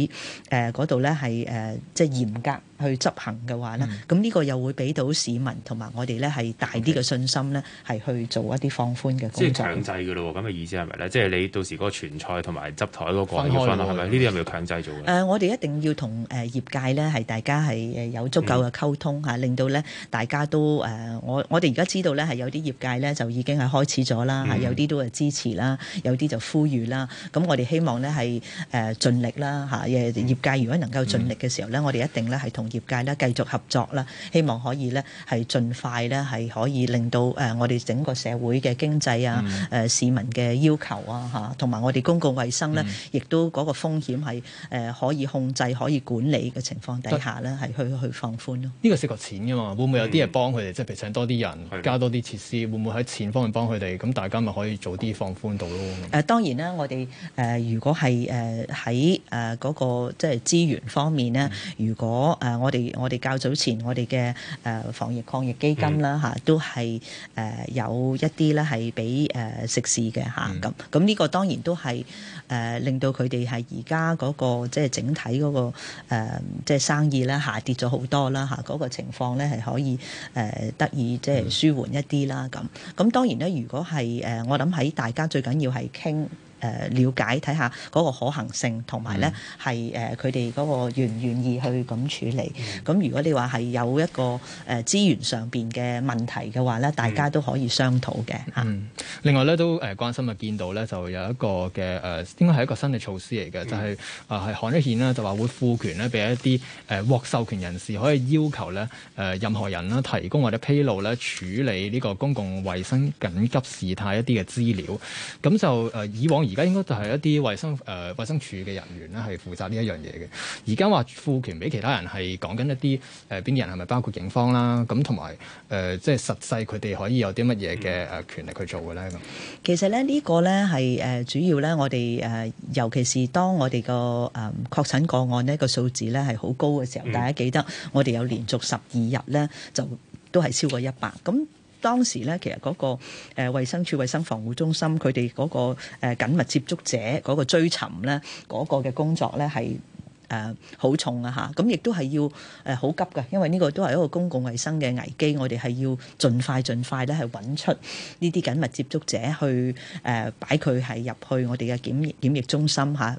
誒嗰度咧，係、呃、誒、呃、即係嚴格。嗯去執行嘅話咧，咁呢、嗯、個又會俾到市民同埋我哋咧係大啲嘅信心咧，係去做一啲放寬嘅、工作。即係強制㗎咯，咁嘅意思係咪咧？即係你到時嗰個傳菜同埋執台嗰個要分，係咪？呢啲係咪要強制做嘅？誒、呃，我哋一定要同誒業界咧係大家係誒有足夠嘅溝通嚇，令到咧大家都誒、呃，我我哋而家知道咧係有啲業界咧就已經係開始咗啦嚇，有啲都係支持啦，有啲就呼籲啦。咁我哋希望咧係誒盡力啦嚇，誒業界如果能夠盡力嘅時候咧，嗯、我哋一定咧係同。業界咧繼續合作啦，希望可以咧係盡快咧係可以令到誒我哋整個社會嘅經濟啊、誒、嗯、市民嘅要求啊嚇，同埋我哋公共衞生咧，嗯、亦都嗰個風險係可以控制、可以管理嘅情況底下咧，係、嗯、去去放寬咯。呢個涉及錢㗎嘛，會唔會有啲嘢幫佢哋？嗯、即係譬如請多啲人、加多啲設施，會唔會喺錢方面幫佢哋？咁、嗯、大家咪可以早啲放寬到咯？誒、啊、當然啦，我哋誒、呃、如果係誒喺誒嗰個即係資源方面咧，如果誒。呃我哋我哋較早前我哋嘅誒防疫抗疫基金啦嚇、啊，都係誒、呃、有一啲咧係俾誒食肆嘅嚇咁。咁、啊、呢個當然都係誒、呃、令到佢哋係而家嗰個即係整體嗰、那個、呃、即係生意咧下跌咗好多啦嚇，嗰、啊、那個情況咧係可以誒、呃、得以即係舒緩一啲啦咁。咁、啊、當然咧，如果係誒、呃、我諗喺大家最緊要係傾。誒、呃、了解睇下嗰個可行性，同埋咧係誒佢哋嗰個願唔願意去咁處理。咁、嗯、如果你話係有一個誒資源上邊嘅問題嘅話咧，大家都可以商討嘅嚇。另外咧都誒關心啊，見到咧就有一個嘅誒應該係一個新嘅措施嚟嘅，嗯、就係啊係刊憲啦，就話會賦權咧俾一啲誒獲授權人士，可以要求咧誒、呃、任何人啦提供或者披露咧處理呢個公共衛生緊急事態一啲嘅資料。咁就誒、呃、以往。而家應該就係一啲衛生誒、呃、衛生署嘅人員咧，係負責呢一樣嘢嘅。而家話賦權俾其他人，係講緊一啲誒邊啲人係咪包括警方啦？咁同埋誒即係實際佢哋可以有啲乜嘢嘅誒權力去做嘅咧？咁、嗯、其實咧呢、呢個咧係誒主要咧，我哋誒、呃、尤其是當我哋個誒確診個案呢個數字咧係好高嘅時候，嗯、大家記得我哋有連續十二日咧、嗯、就都係超過一百咁。當時咧，其實嗰個誒衛生署衛生防護中心佢哋嗰個誒緊密接觸者嗰個追尋咧，嗰個嘅工作咧係。誒好、呃、重啊吓，咁亦都係要好、呃、急㗎，因為呢個都係一個公共衛生嘅危機，我哋係要盡快盡快咧係揾出呢啲緊密接觸者去擺佢係入去我哋嘅檢檢疫中心吓、啊，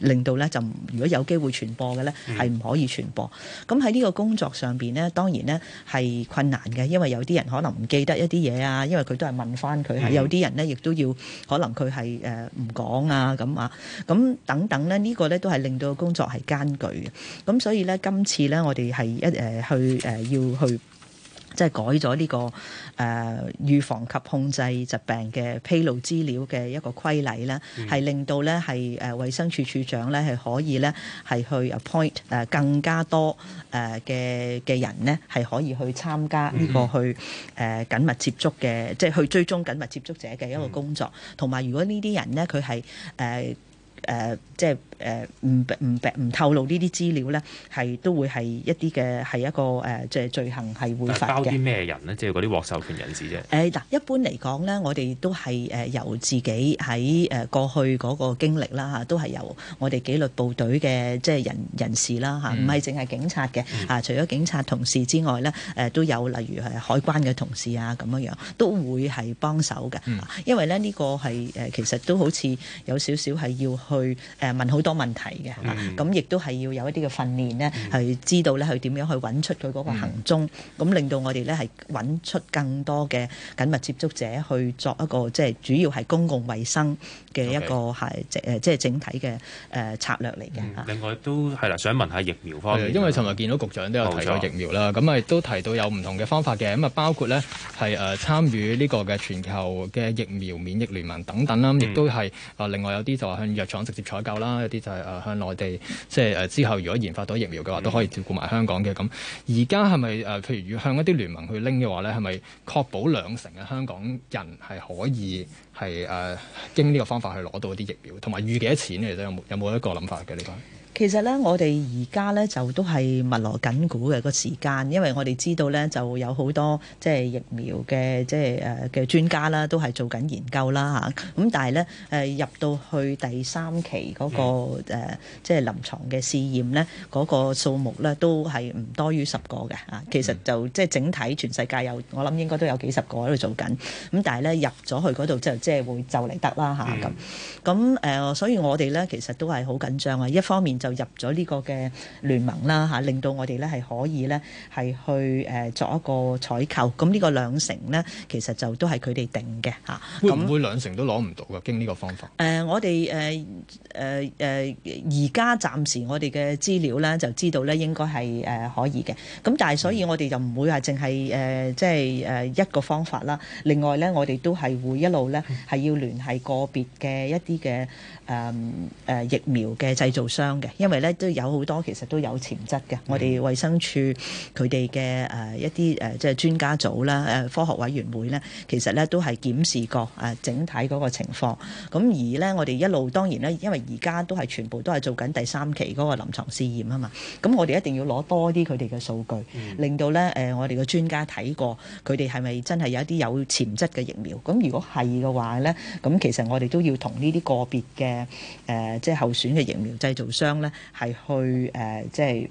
令到咧就如果有機會傳播嘅咧係唔可以傳播。咁喺呢個工作上邊呢，當然呢係困難嘅，因為有啲人可能唔記得一啲嘢啊，因為佢都係問翻佢、嗯、有啲人呢，亦都要可能佢係唔講啊咁啊，咁等等呢，這個、呢個咧都係令到工作係。間距嘅，咁所以咧，今次咧，我哋係一誒去誒、呃、要去，即係改咗呢、這個誒、呃、預防及控制疾病嘅披露資料嘅一個規例咧，係令到咧係誒衛生署署長咧係可以咧係去 appoint 誒更加多誒嘅嘅人呢，係可以去參加呢個去誒、呃、緊密接觸嘅，即係去追蹤緊密接觸者嘅一個工作。同埋、嗯，而如果呢啲人呢，佢係誒誒即係。誒唔唔透露呢啲資料咧，係都會係一啲嘅係一個誒，即、呃、係罪行係會發嘅。包啲咩人呢？即係嗰啲獲授權人士啫。誒嗱、呃，一般嚟講咧，我哋都係誒由自己喺誒過去嗰個經歷啦嚇，都係由我哋紀律部隊嘅即係人人士啦嚇，唔係淨係警察嘅嚇、啊，除咗警察同事之外咧，誒、呃、都有例如係海關嘅同事啊咁樣，都會係幫手嘅、啊。因為咧呢、呢個係誒、呃、其實都好似有少少係要去誒、呃、問好。多問題嘅，咁亦都係要有一啲嘅訓練咧，係知道咧佢點樣去揾出佢嗰個行蹤，咁令到我哋咧係揾出更多嘅緊密接觸者去作一個即係主要係公共衞生嘅一個係誒即係整體嘅誒策略嚟嘅。另外都係啦，想問下疫苗方面，因為尋日見到局長都有提過疫苗啦，咁亦都提到有唔同嘅方法嘅，咁啊包括咧係誒參與呢個嘅全球嘅疫苗免疫聯盟等等啦，亦都係啊另外有啲就係向藥廠直接採購啦，有啲。就係、是、誒、呃、向內地，即係誒、呃、之後，如果研發到疫苗嘅話，都可以照顧埋香港嘅咁。而家係咪誒？譬如要向一啲聯盟去拎嘅話咧，係咪確保兩成嘅香港人係可以係誒、呃、經呢個方法去攞到啲疫苗？同埋預幾多錢咧？其實有冇有冇一個諗法嘅？你講？其實咧，我哋而家咧就都係密鑼緊鼓嘅個時間，因為我哋知道咧就有好多即係、就是、疫苗嘅即係嘅專家啦，都係做緊研究啦咁、啊、但係咧、呃、入到去第三期嗰、那個即係、嗯呃就是、臨床嘅試驗咧，嗰、那個數目咧都係唔多於十個嘅、啊、其實就即係、就是、整體全世界有我諗應該都有幾十個喺度做緊。咁但係咧入咗去嗰度就即、是、係會就嚟得啦咁。咁、啊嗯呃、所以我哋咧其實都係好緊張啊。一方面就就入咗呢個嘅聯盟啦嚇，令到我哋咧係可以咧係去誒作一個採購。咁呢個兩成咧，其實就都係佢哋定嘅嚇。會唔會兩成都攞唔到㗎？經呢個方法？誒，我哋誒誒誒，而家暫時我哋嘅資料咧就知道咧應該係誒可以嘅。咁但係所以我哋就唔會話淨係誒即係誒一個方法啦。另外咧，我哋都係會一路咧係要聯繫個別嘅一啲嘅誒誒疫苗嘅製造商嘅。因為咧都有好多其實都有潛質嘅，我哋衛生署佢哋嘅一啲即係專家組啦、科學委員會咧，其實咧都係檢視過整體嗰個情況。咁而呢，我哋一路當然咧，因為而家都係全部都係做緊第三期嗰個臨床試驗啊嘛。咁我哋一定要攞多啲佢哋嘅數據，令到咧我哋嘅專家睇過佢哋係咪真係有一啲有潛質嘅疫苗。咁如果係嘅話咧，咁其實我哋都要同呢啲個別嘅、呃、即係候選嘅疫苗製造商係去誒、呃，即係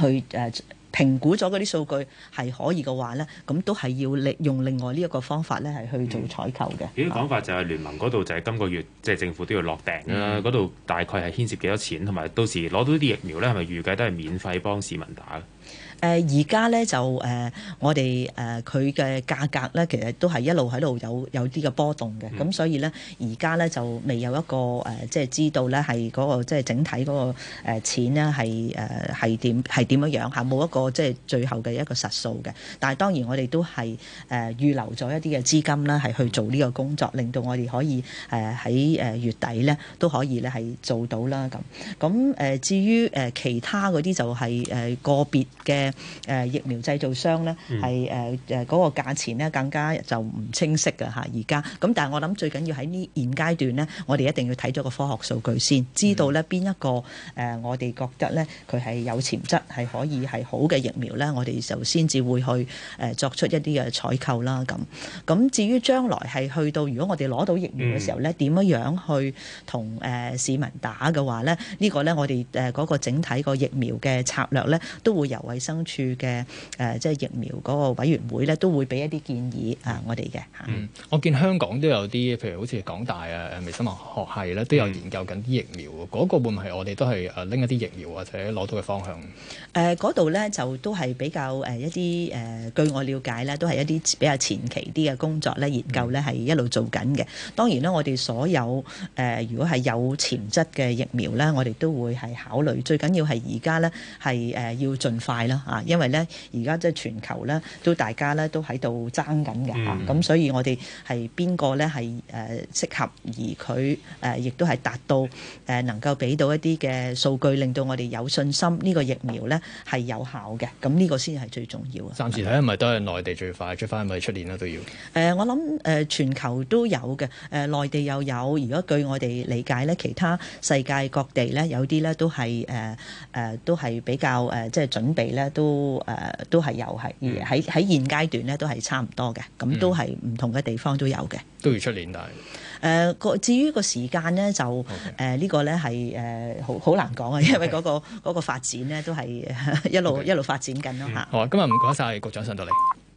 去誒、呃、評估咗嗰啲數據係可以嘅話咧，咁都係要利用另外呢一個方法咧，係去做採購嘅。呢啲講法就係聯盟嗰度就係今個月，即、就、係、係、政府都要落訂啦。嗰度、嗯、大概係牽涉幾多錢，同埋到時攞到啲疫苗咧，係咪預計都係免費幫市民打？誒而家咧就、呃、我哋、呃、佢嘅價格咧，其實都係一路喺度有有啲嘅波動嘅，咁所以咧而家咧就未有一個、呃、即係知道咧係嗰個即係整體嗰個誒錢咧係誒係點點樣樣嚇，冇一個即係最後嘅一個實數嘅。但係當然我哋都係誒、呃、預留咗一啲嘅資金啦，係去做呢個工作，令到我哋可以誒喺、呃、月底咧都可以咧係做到啦咁。咁、呃、至於、呃、其他嗰啲就係誒個別嘅。誒、呃、疫苗製造商咧，係誒誒嗰個價錢咧更加就唔清晰㗎吓，而家咁，但係我諗最緊要喺呢現階段咧，我哋一定要睇咗個科學數據先，知道咧邊、嗯、一個誒、呃、我哋覺得咧佢係有潛質係可以係好嘅疫苗咧，我哋就先至會去誒、呃、作出一啲嘅採購啦。咁咁至於將來係去到如果我哋攞到疫苗嘅時候咧，點樣、嗯、樣去同誒、呃、市民打嘅話咧，呢個、呢個咧我哋誒嗰個整體個疫苗嘅策略咧，都會由衞生處嘅誒，即係疫苗嗰個委員會咧，都會俾一啲建議啊，我哋嘅吓。嗯，我見香港都有啲，譬如好似港大啊、誒微生物學系咧，都有研究緊啲疫苗。嗰、嗯、個會唔係我哋都係誒拎一啲疫苗或者攞到嘅方向？誒、呃，嗰度咧就都係比較誒一啲誒，據我了解咧，都係一啲比較前期啲嘅工作咧，研究咧係一路做緊嘅。當然啦，我哋所有誒、呃，如果係有潛質嘅疫苗咧，我哋都會係考慮。最緊要係而家咧，係誒要儘快啦、啊。因為咧，而家即係全球咧，都大家咧都喺度爭緊嘅嚇，咁、嗯、所以我哋係邊個咧係誒適合而佢誒，亦、呃、都係達到誒、呃、能夠俾到一啲嘅數據，令到我哋有信心呢、這個疫苗咧係有效嘅，咁呢個先係最重要啊。暫時睇係咪都係內地最快最出翻，係咪出年啦都要。誒、呃，我諗誒、呃、全球都有嘅，誒、呃、內地又有。如果據我哋理解咧，其他世界各地咧有啲咧都係誒誒都係比較誒、呃、即係準備咧。都誒、呃、都係有係，喺喺、嗯、現階段咧都係差唔多嘅，咁都係唔同嘅地方都有嘅、嗯。都要出年，但係誒個至於個時間咧就誒 Okay.、呃這個、呢個咧係誒好好難講啊，因為嗰、嗰個嗰、 嗰個嗰個、發展咧都係一路 Okay. 一路發展緊咯吓，好，今日唔該晒，局長上到嚟。